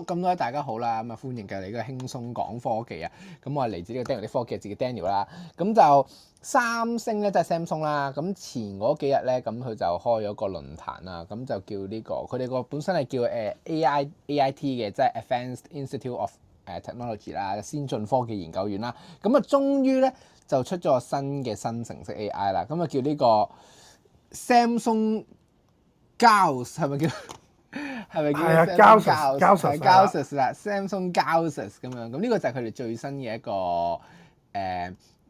咁多位大家好啦，咁啊歡迎嘅你呢個輕鬆講科技啊，咁我係嚟自呢個 Daniel 啲科技自己 Daniel 啦，咁就三星咧即係 Samsung 啦，咁、就是、前嗰幾日咧，咁佢就開咗個論壇啦，咁就叫呢、這個佢哋個本身係叫誒 AI AIT 嘅，即係 Advanced Institute of 誒 Technology 啦，先進科技研究院啦，咁啊終於咧就出咗新嘅生成式 AI 啦，咁啊叫呢個 Samsung Gauss 係咪叫？係咪叫膠實、哦？膠實啦，Samsung Gauss 咁樣，咁呢個就係佢哋最新嘅一個誒嘅、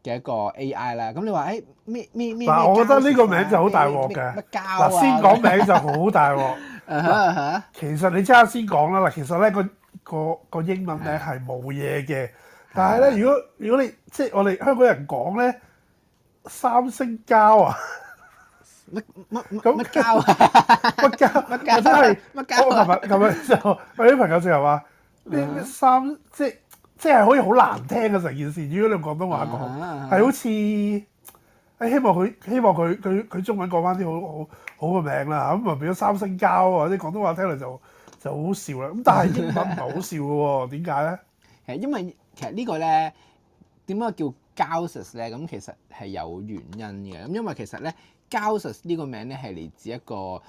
欸、一個 AI 啦。咁你話誒咩咩咩？嗱，royalty what, what 我覺得呢個名就好大鑊㗎。嗱 aries、啊，先講名就好大鑊。其實你即刻先講啦。嗱，其實咧個個個英文名係冇嘢嘅。但係咧，如果如果你即係我哋香港人講咧，三星膠啊！乜乜咁乜膠啊！乜膠乜膠，真係我琴日琴日就我啲朋友就又話呢三，即即係可以好難聽嘅成件事。如果你用廣東話講係、uh huh. 好似誒、哎，希望佢希望佢佢佢中文講翻啲好好好嘅名啦，咁，咪變咗三星膠啊！啲廣東話聽嚟就就好笑啦。咁但係英文唔係好笑嘅喎，點解咧？誒，因為其實呢個咧點解叫膠實咧？咁其實係有原因嘅。咁因為其實咧。高斯呢個名咧係嚟自一個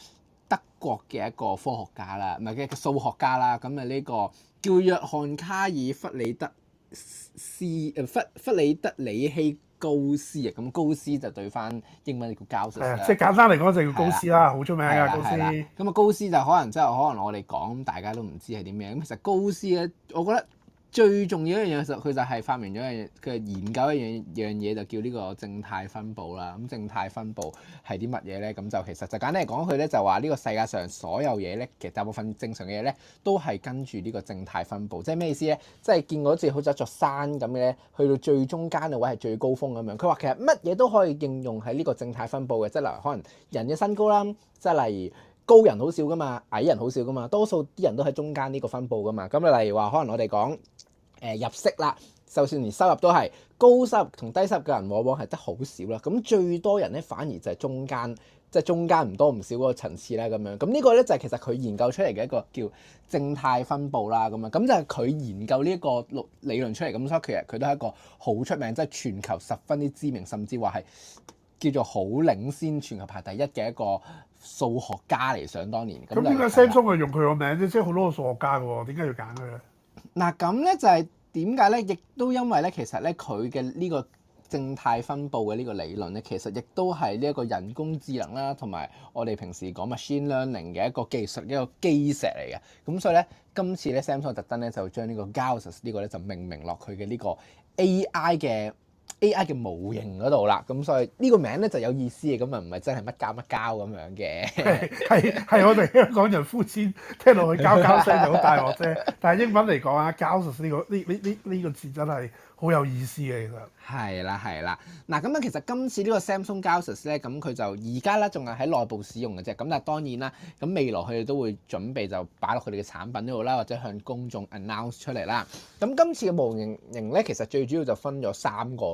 德國嘅一個科學家啦，唔係嘅數學家啦。咁啊呢個叫約翰卡爾弗里德斯，誒、呃、弗弗里德里希高斯啊。咁、嗯、高斯就對翻英文叫 Gauss，即係簡單嚟講就叫高斯啦，好出的名嘅、啊、的高斯。咁啊高斯就可能真、就、係、是、可能我哋講大家都唔知係點樣。咁其實高斯咧，我覺得。最重要一樣嘢佢就係發明咗一樣嘢，佢研究一樣樣嘢就叫呢個正態分布啦。咁正態分布係啲乜嘢咧？咁就其實就簡單嚟講，佢咧就話呢個世界上所有嘢咧，其實大部分正常嘅嘢咧，都係跟住呢個正態分布。即係咩意思咧？即係見過好似好似一座山咁嘅，去到最中間嘅位係最高峰咁樣。佢話其實乜嘢都可以應用喺呢個正態分布嘅，即係例如可能人嘅身高啦，即係例如高人好少噶嘛，矮人好少噶嘛，多數啲人都喺中間呢個分佈噶嘛。咁例如話可能我哋講，誒入息啦，就算連收入都係高收入同低收入嘅人，往往係得好少啦。咁最多人咧，反而就係中間，即係中間唔多唔少嗰個層次啦。咁樣咁呢個咧就係其實佢研究出嚟嘅一個叫正態分布啦。咁樣咁就係佢研究呢一個論理論出嚟。咁所以其實佢都係一個好出名，即係全球十分之知名，甚至話係叫做好領先全球排第一嘅一個數學家嚟。想當年咁點解 Samsung 係用佢個名？即係好多數學家嘅，點解要揀佢？嗱咁咧就係點解咧？亦都因為咧，其實咧佢嘅呢個正態分布嘅呢個理論咧，其實亦都係呢一個人工智能啦，同埋我哋平時講 machine learning 嘅一個技術一個基石嚟嘅。咁所以咧，今次咧 Samsung 特登咧就將個個呢個 Gauss 呢個咧就命名落佢嘅呢個 AI 嘅。AI 嘅模型嗰度啦，咁所以呢個名咧就有意思嘅，咁咪唔係真係乜膠乜膠咁樣嘅，係係我哋香港人膚淺，聽到佢膠膠聲就好大鑊啫。但係英文嚟講啊，Gauss 呢個呢呢呢呢個字真係好有意思嘅，其實係啦係啦，嗱咁樣其實今次呢個 Samsung Gauss 咧，咁佢就而家咧仲係喺內部使用嘅啫，咁但係當然啦，咁未來佢哋都會準備就擺落佢哋嘅產品嗰度啦，或者向公眾 announce 出嚟啦。咁今次嘅模型型咧，其實最主要就分咗三個。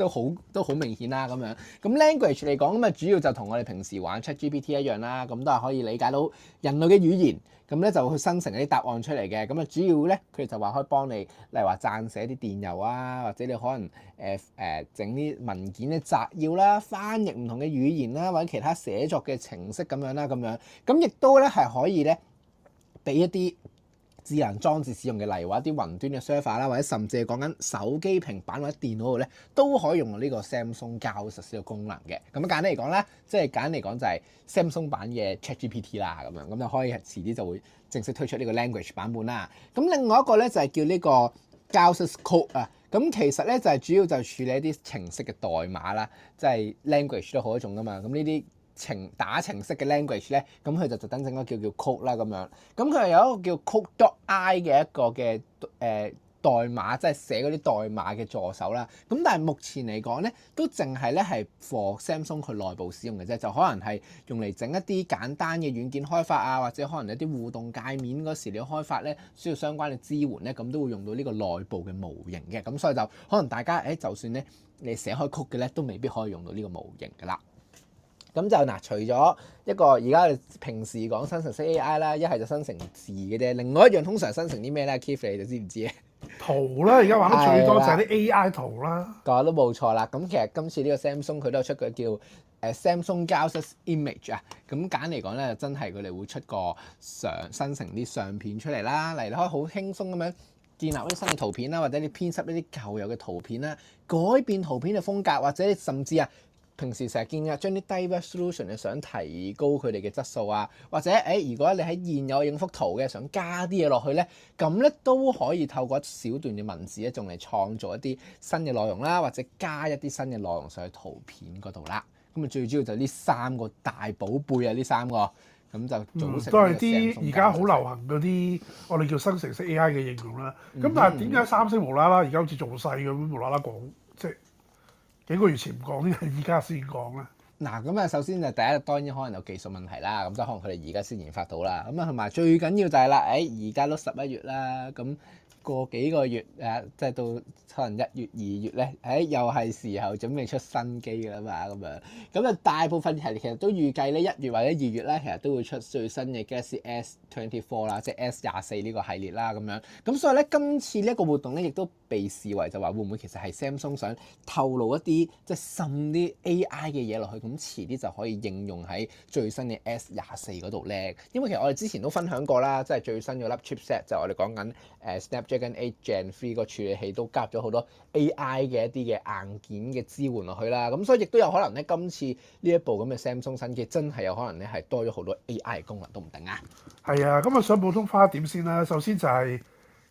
都好都好明顯啦，咁樣咁 language 嚟講咁啊，主要就同我哋平時玩 ChatGPT 一樣啦，咁都係可以理解到人類嘅語言，咁咧就去生成一啲答案出嚟嘅。咁啊，主要咧佢就話可以幫你，例如話撰寫啲電郵啊，或者你可能誒誒、呃呃、整啲文件嘅摘要啦、翻譯唔同嘅語言啦、或者其他寫作嘅程式咁樣啦，咁樣咁亦都咧係可以咧俾一啲智能裝置使用嘅，例如話一啲雲端嘅 server 啦，或者甚至係講緊手機、平板或者電腦度咧，都可以用呢個 Samsung Gauss 嘅功能嘅。咁簡單嚟講咧，即係簡單嚟講就係 Samsung 版嘅 ChatGPT 啦，咁樣咁就可以遲啲就會正式推出呢個 language 版本啦。咁另外一個咧就係叫呢個 Gauss Code 啊。咁其實咧就係主要就處理一啲程式嘅代碼啦，即係 language 都好多種噶嘛。咁呢啲。程打程式嘅 language 咧，咁佢就就特登整個叫叫 code 啦咁樣。咁佢係有一個叫 code dot i 嘅一個嘅誒代碼，即係寫嗰啲代碼嘅助手啦。咁但係目前嚟講咧，都淨係咧係 for Samsung 佢內部使用嘅啫，就可能係用嚟整一啲簡單嘅軟件開發啊，或者可能一啲互動界面嗰時你要開發咧，需要相關嘅支援咧，咁都會用到呢個內部嘅模型嘅。咁所以就可能大家誒，就算咧你寫開 code 嘅咧，都未必可以用到呢個模型㗎喇。咁就嗱、啊，除咗一個而家平時講生成式 AI 啦，一係就生成字嘅啫。另外一樣通常生成啲咩咧？Kif，你哋知唔知啊？圖啦，而家玩得最多就係啲 AI 圖啦。講啦都冇錯啦。咁其實今次呢個 Samsung 佢都有出個叫誒 Samsung Gauss Image 啊。咁簡嚟講咧，真係佢哋會出個相生成啲相片出嚟啦。嚟你可以好輕鬆咁樣建立啲新嘅圖片啦，或者你編輯一啲舊有嘅圖片啦，改變圖片嘅風格，或者你甚至啊～平時成日見啊，將啲低 resolution 你想提高佢哋嘅質素啊，或者誒，如果你喺現有嘅幅圖嘅想加啲嘢落去咧，咁咧都可以透過一小段嘅文字咧，仲嚟創造一啲新嘅內容啦，或者加一啲新嘅內容上去圖片嗰度啦。咁啊，最主要就係呢三個大寶貝啊，呢三個咁就都係啲而家好流行嗰啲我哋叫生成式 AI 嘅應用啦。咁但係點解三星無啦啦而家好似做細咁無啦啦講？幾個月前唔講嘅，而家先講啦。嗱，咁啊，首先就第一當然可能有技術問題啦，咁都可能佢哋而家先研發到啦。咁啊，同埋最緊要就係啦，誒，而家都十一月啦，咁。過幾個月啊，即係到可能一月、二月咧，誒又係時候準備出新機啦嘛，咁樣咁啊，大部分啲系列其實都預計咧一月或者二月咧，其實都會出最新嘅 Galaxy S24 啦，即係 S 廿四呢個系列啦，咁樣咁所以咧，今次呢一個活動咧，亦都被視為就話會唔會其實係 Samsung 想透露一啲即係滲啲 AI 嘅嘢落去，咁遲啲就可以應用喺最新嘅 S 廿四度咧。因為其實我哋之前都分享過啦，即係最新嗰粒 chipset 就我哋講緊誒最新8 Gen 3個處理器都夾咗好多 AI 嘅一啲嘅硬件嘅支援落去啦，咁所以亦都有可能咧，今次呢一部咁嘅 Samsung 新機真係有可能咧係多咗好多 AI 功能都唔定啊。係啊，咁、嗯、啊想普通花一點先啦。首先就係、是、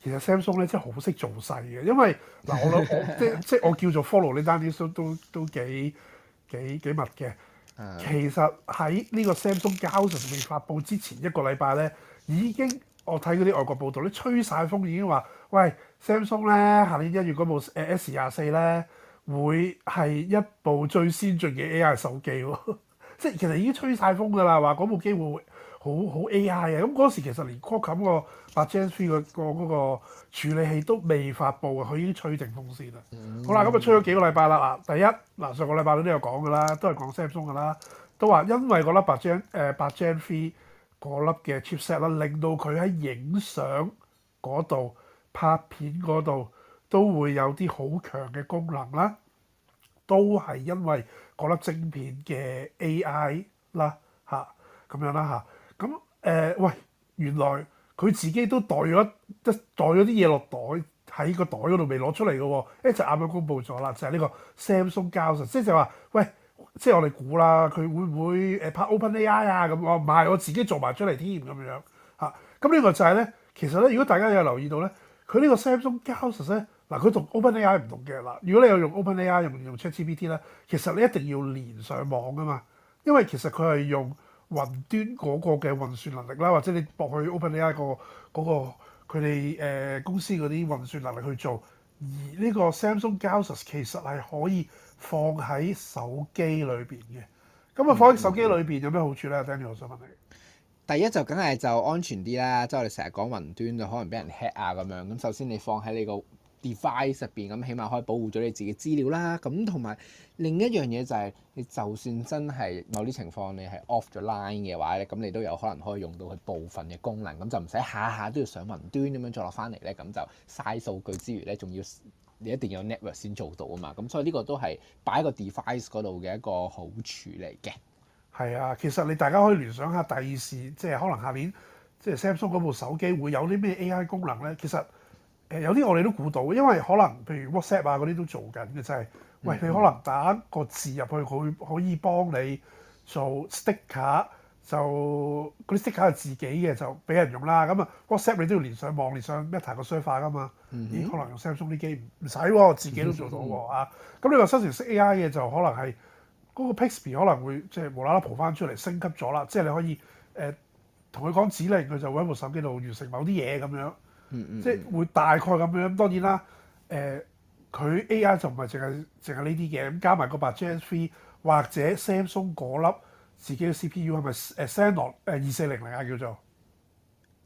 其實 Samsung 咧真係好識做細嘅，因為嗱、 嗯、我我即即我叫做 follow 呢單 news 都都都幾幾，幾密嘅。嗯、其實喺呢個 Samsung Gauss 未發布之前一個禮拜咧已經。我睇嗰啲外國報道，啲吹晒風已經話，喂，Samsung 咧，下年一月嗰部誒 S 廿四咧，會係一部最先進嘅 AI 手機喎。即 係其實已經吹晒風㗎啦，話嗰部機會好好 AI 嘅。咁嗰時其實連 Qualcomm 錦個八 Gen Three 個個嗰個處理器都未發布，佢已經吹定風先啦。Mm hmm. 好啦，咁啊吹咗幾個禮拜啦。嗱，第一嗱上個禮拜你都有講㗎啦，都係講 Samsung 㗎啦，都話因為個粒八 Gen 誒八 Gen Three。個粒嘅 chipset 啦，令到佢喺影相嗰度、拍片嗰度都會有啲好強嘅功能啦，都係因為個粒晶片嘅 AI 啦嚇，咁樣啦嚇。咁、啊、誒、呃、喂，原來佢自己都袋咗一袋咗啲嘢落袋喺個袋嗰度未攞出嚟嘅喎。一陣啱啱公布咗啦，就係、是、呢個 Samsung Gauss，即係話喂。即係我哋估啦，佢會唔會誒拍 OpenAI 啊？咁我唔係，我自己做埋出嚟添。驗咁樣嚇。咁、啊、呢個就係咧，其實咧，如果大家有留意到咧，佢 us 呢個 Samsung Gauss 咧，嗱佢 open 同 OpenAI 唔同嘅嗱。如果你有用 OpenAI 用用 ChatGPT 咧，其實你一定要連上網噶嘛，因為其實佢係用雲端嗰個嘅運算能力啦，或者你駁去 OpenAI、嗰個嗰、嗰個佢哋誒公司嗰啲運算能力去做，而呢個 Samsung Gauss us 其實係可以。放喺手機裏邊嘅，咁啊放喺手機裏邊有咩好處咧？Daniel，我想問你。第一就梗係就安全啲啦，即係我哋成日講雲端就可能俾人 hack 啊咁樣。咁首先你放喺你個 device 入邊，咁起碼可以保護咗你自己資料啦。咁同埋另一樣嘢就係，你就算真係某啲情況你係 off 咗 line 嘅話咧，咁你都有可能可以用到佢部分嘅功能，咁就唔使下下都要上雲端咁樣再落翻嚟咧，咁就嘥數據之餘咧，仲要。你一定要有 network 先做到啊嘛，咁所以呢個都係擺喺個 device 嗰度嘅一個好處嚟嘅。係啊，其實你大家可以聯想下第二時，即係可能下面即係 Samsung 嗰部手機會有啲咩 AI 功能咧？其實誒、呃、有啲我哋都估到，因為可能譬如 WhatsApp 啊嗰啲都做緊嘅，就係、是、喂，你可能打個字入去，佢可以幫你做 sticker。就嗰啲識卡係自己嘅，就俾人用啦。咁啊 WhatsApp 你都要連上網，連上 m e 咩台個雙化㗎嘛？咦，可能用 Samsung 啲機唔使喎，自己都做到喎，咁你話生成式 AI 嘅就可能係嗰個 Pixel 可能會即係無啦啦抱翻出嚟升級咗啦，即係你可以誒同佢講指令，佢就喺部手機度完成某啲嘢咁樣。即係會大概咁樣。咁當然啦，誒佢 AI 就唔係淨係淨係呢啲嘢，咁加埋個八 g s t h r e e 或者 Samsung 嗰粒。自己嘅 CPU 係咪誒 s a n d l 誒二四零零啊，叫做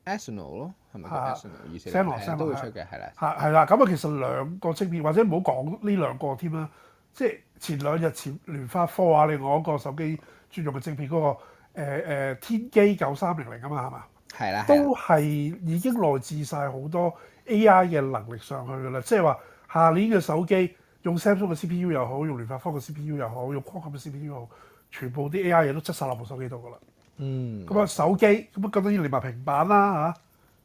s n l 咯，係咪 s a n l 二四零零都會出嘅？係啦、啊。係啦、啊，咁啊，啊，啊，啊其實兩個晶片，或者唔好講呢兩個添啦。即係前兩日前聯發科啊，另外一個手機專用嘅晶片嗰、那個誒、呃呃、天璣九三零零啊嘛，係嘛？係啦、啊，都係已經內置晒好多 a i 嘅能力上去㗎啦。即係話下年嘅手機用 Samsung 嘅 CPU 又好，用聯發科嘅 CPU 又好，用 Qualcomm 嘅 CPU 又好。全部啲 A.I. 嘢都執晒落部手機度㗎啦。嗯，咁啊手機咁啊，咁多啲連埋平板啦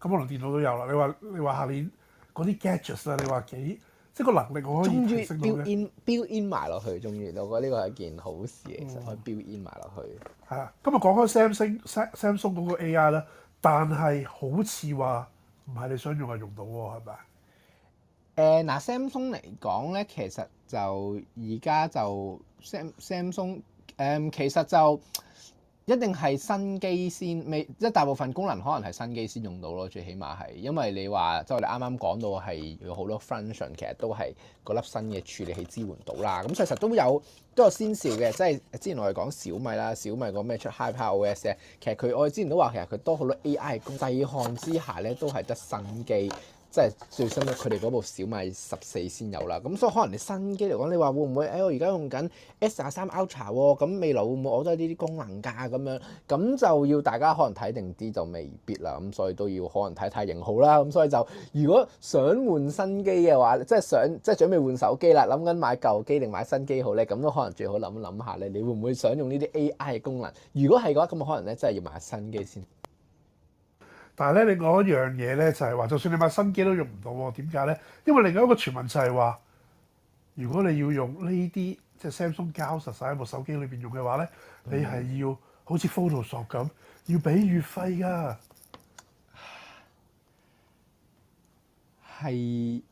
嚇，咁可能電腦都有啦。你話你話下年嗰啲 gadgets 啊，你話幾即係個能力可以 build in build in 埋落去。終於，我覺得呢個係一件好事，其實，可以 build in 埋落去。係啊、嗯，咁、嗯、啊、嗯、講開 Samsung Samsung 嗰個 A.I. 咧，但係好似話唔係你想用啊用到喎，係咪？誒嗱，Samsung 嚟講咧，其實就而家就 Samsung。誒、嗯，其實就一定係新機先，未即係大部分功能可能係新機先用到咯。最起碼係，因為你話即係我哋啱啱講到係有好多 function，al，其實都係嗰粒新嘅處理器支援到啦。咁、嗯、其實，實都有都有先兆嘅，即係之前我哋講小米啦，小米講咩出 Hyper OS 咧，其實佢我哋之前都話其實佢多好多 AI 功，大項之下咧都係得新機。即係最新咧，佢哋嗰部小米十四先有啦。咁所以可能你新機嚟講，你話會唔會？誒、哎，我而家用緊 S 廿三 Ultra，咁未來會唔會攞多呢啲功能㗎？咁樣咁就要大家可能睇定啲就未必啦。咁所以都要可能睇睇型號啦。咁所以就如果想換新機嘅話，即係想即係準備換手機啦，諗緊買舊機定買新機好咧？咁都可能最好諗一諗下咧。你會唔會想用呢啲 AI 嘅功能？如果係嘅話，咁可能咧真係要買新機先。但係咧，另外一樣嘢咧就係、是、話，就算你買新機都用唔到喎。點解咧？因為另外一個傳聞就係話，如果你要用呢啲即係 Samsung 膠實晒喺部手機裏邊用嘅話咧，嗯、你係要好似 Photoshop 咁，要俾月費㗎。係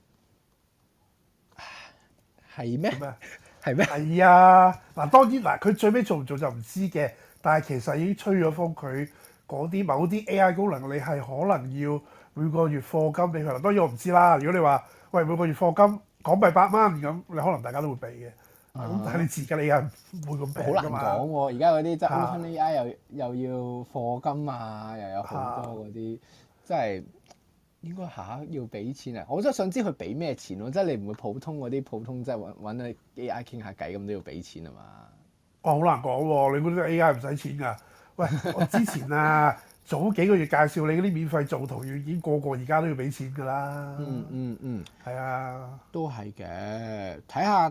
係咩？係咩？係嗎啊！嗱，當然嗱，佢最尾做唔做就唔知嘅。但係其實已經吹咗風，佢。嗰啲某啲 AI 功能，你係可能要每個月課金俾佢。當然我唔知啦。如果你話喂每個月課金港幣百蚊咁，你可能大家都會俾嘅。咁、啊、但係你自己，你又唔會咁俾，好難講喎、啊！而家嗰啲即係好新 AI 又、啊、又要課金啊，又有好多嗰啲、啊、即係應該下、啊、要俾錢啊！我真都想知佢俾咩錢咯、啊。即係你唔會普通嗰啲普通即係揾揾啊 AI 傾下偈咁都要俾錢啊嘛？哦、啊，好難講喎、啊，你嗰啲 AI 唔使錢㗎、啊。喂，我之前啊，早幾個月介紹你嗰啲免費做圖軟件，個個而家都要俾錢噶啦、嗯。嗯嗯嗯，係啊，都係嘅。睇下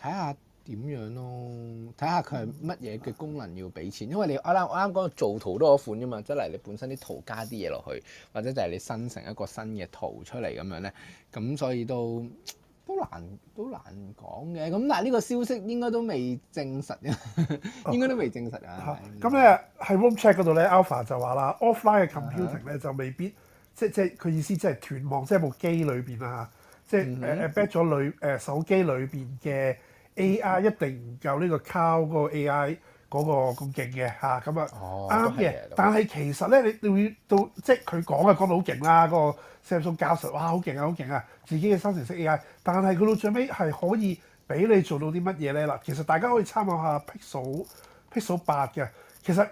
睇下點樣咯，睇下佢係乜嘢嘅功能要俾錢，因為你啊啦，我啱講做圖都有一款啫嘛。即係你本身啲圖加啲嘢落去，或者就係你生成一個新嘅圖出嚟咁樣呢。咁所以都。都難都難講嘅，咁但係呢個消息應該 應該都未證實啊，應該都未證實啊。咁咧喺 Room Chat 嗰度咧，Alpha 就話啦，offline 嘅 computing 咧就未必，嗯、即即佢意思即係斷網，即係部機裏邊啊，即係誒誒 back 咗裏誒手機裏邊嘅 AI 一定唔夠呢個 cloud 嗰個 AI。嗰個咁勁嘅嚇，咁啊啱嘅。但係其實咧，你你會到即係佢講啊，講到好勁啦。嗰、嗰個 Samsung 教授，哇，好勁啊，好勁啊，自己嘅生成式 AI。但係佢到最尾係可以俾你做到啲乜嘢咧啦？其實大家可以參考下 Pixel Pixel 八嘅、嗯。其實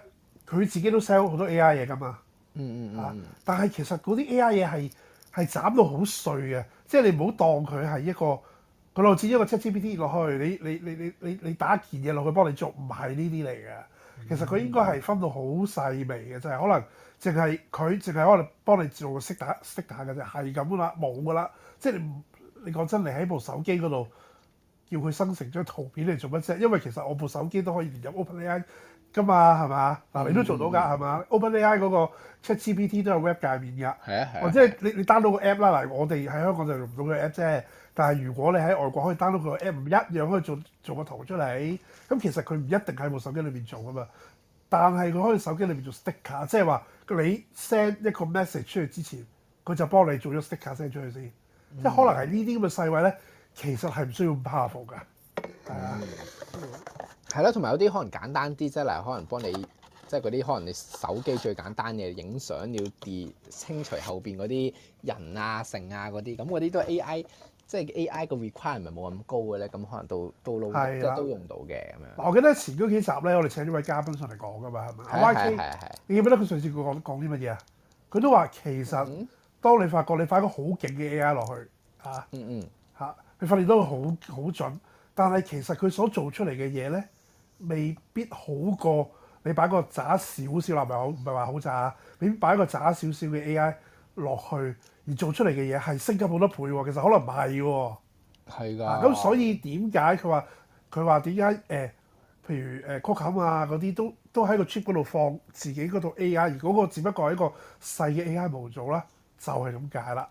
佢自己都 sell 好多 AI 嘢㗎嘛。嗯嗯嗯。嗯啊、但係其實嗰啲 AI 嘢係係斬到好碎嘅，即係你唔好當佢係一個。佢攞咗一個 ChatGPT 落去，你你你你你你打一件嘢落去幫你做，唔係呢啲嚟㗎。其實佢應該係分到好細微嘅，就係、係、可能淨係佢淨係可能幫你做個識打識下嘅啫，係咁啦，冇噶啦。即係你你講真，你喺部手機嗰度叫佢生成張圖片嚟做乜啫？因為其實我部手機都可以連入 OpenAI。End, 噶嘛，係嘛？嗱，你都做到㗎，係嘛、嗯？OpenAI 嗰個 ChatGPT 都有 web 界面㗎。係啊，係。哦，即係你你 download 個 app 啦。嗱，我哋喺香港就用唔到佢個 app 啫。但係如果你喺外國可以 download 佢個 app，唔一樣可以做做個圖出嚟。咁其實佢唔一定喺部手機裏面做㗎嘛。但係佢可以手機裏面做 sticker，即係話你 send 一個 message 出去之前，佢就幫你做咗 sticker send 出去先。嗯、即係可能係呢啲咁嘅細位咧，其實係唔需要咁 powerful 㗎。係、嗯、啊。係咯，同埋有啲可能簡單啲，即係例如可能幫你，即係嗰啲可能你手機最簡單嘅影相要 delete 清除後邊嗰啲人啊、城啊嗰啲，咁嗰啲都係 AI，即係 AI 個 require 唔係冇咁高嘅咧，咁可能到到路的都用到嘅咁的樣。我記得前嗰幾集咧，我哋請咗位嘉賓上嚟講㗎嘛，係咪？阿 Mark 你記唔記得佢上次佢講講啲乜嘢啊？佢都話其實當你發覺你發一個好勁嘅 AI 落去嚇，嚇佢發現都好好準，但係其實佢所做出嚟嘅嘢咧。未必好過你擺個渣少少，唔係好，唔係話好渣。你擺一個渣少少嘅 AI 落去，而做出嚟嘅嘢係升級好多倍。其實可能唔係㗎。係㗎的。咁、啊、所以點解佢話佢話點解？誒、呃，譬如誒，Qualcomm、呃、um、啊嗰啲都都喺個 chip 嗰度放自己嗰套 AI，而嗰個只不過係一個細嘅 AI 模組啦，就係咁解啦。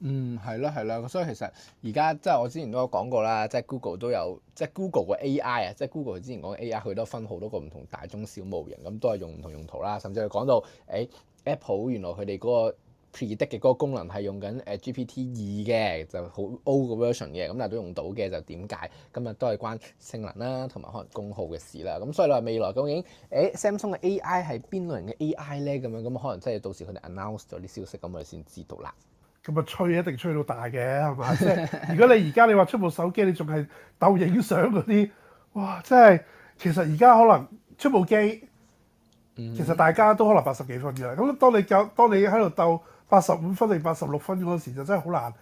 嗯，係咯，係啦。所以其實而家即係我之前都有講過啦，即係 Google 都有即係 Google 嘅 AI 啊，即係 Google 之前講嘅 AI，佢都分好多個唔同大中小模型咁，都係用唔同用途啦。甚至係講到誒、欸、Apple 原來佢哋嗰個 predict 嘅嗰個功能係用緊誒 GPT 二嘅，就好 old 嘅 version 嘅，咁但係都用到嘅就點解咁啊？都係關性能啦，同埋可能功耗嘅事啦。咁所以你話未來究竟誒、欸、Samsung 嘅 AI 係邊類型嘅 AI 咧？咁樣咁可能真係到時佢哋 announce 咗啲消息咁，我哋先知道啦。咁啊，吹一定吹到大嘅，係嘛？即係 如果你而家你話出部手機，你仲係鬥影相嗰啲，哇！真係其實而家可能出部機，其實大家都可能八十幾分嘅。咁當你夠，當你喺度鬥八十五分定八十六分嗰時，就真係好難，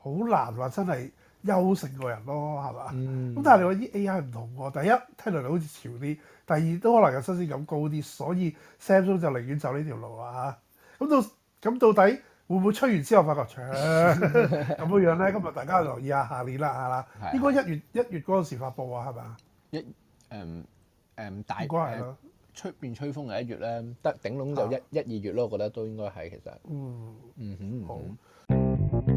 好難話真係優勝過人咯，係嘛？咁、嗯、但係你話依 A.I. 唔同喎、啊，第一聽落嚟好似潮啲，第二都可能有新鮮感高啲，所以 Samsung 就寧願走呢條路啊。咁到咁到底？會唔會吹完之後發覺長咁嘅樣咧？今日大家留意下，下年啦嚇，係啦應該一月一月嗰陣時發布啊，係咪啊？一誒唔、嗯嗯、大關係啦，出邊、呃、吹，吹風係一月咧，得頂籠就一一二月咯，我覺得都應該係其實。嗯嗯哼，嗯哼，好。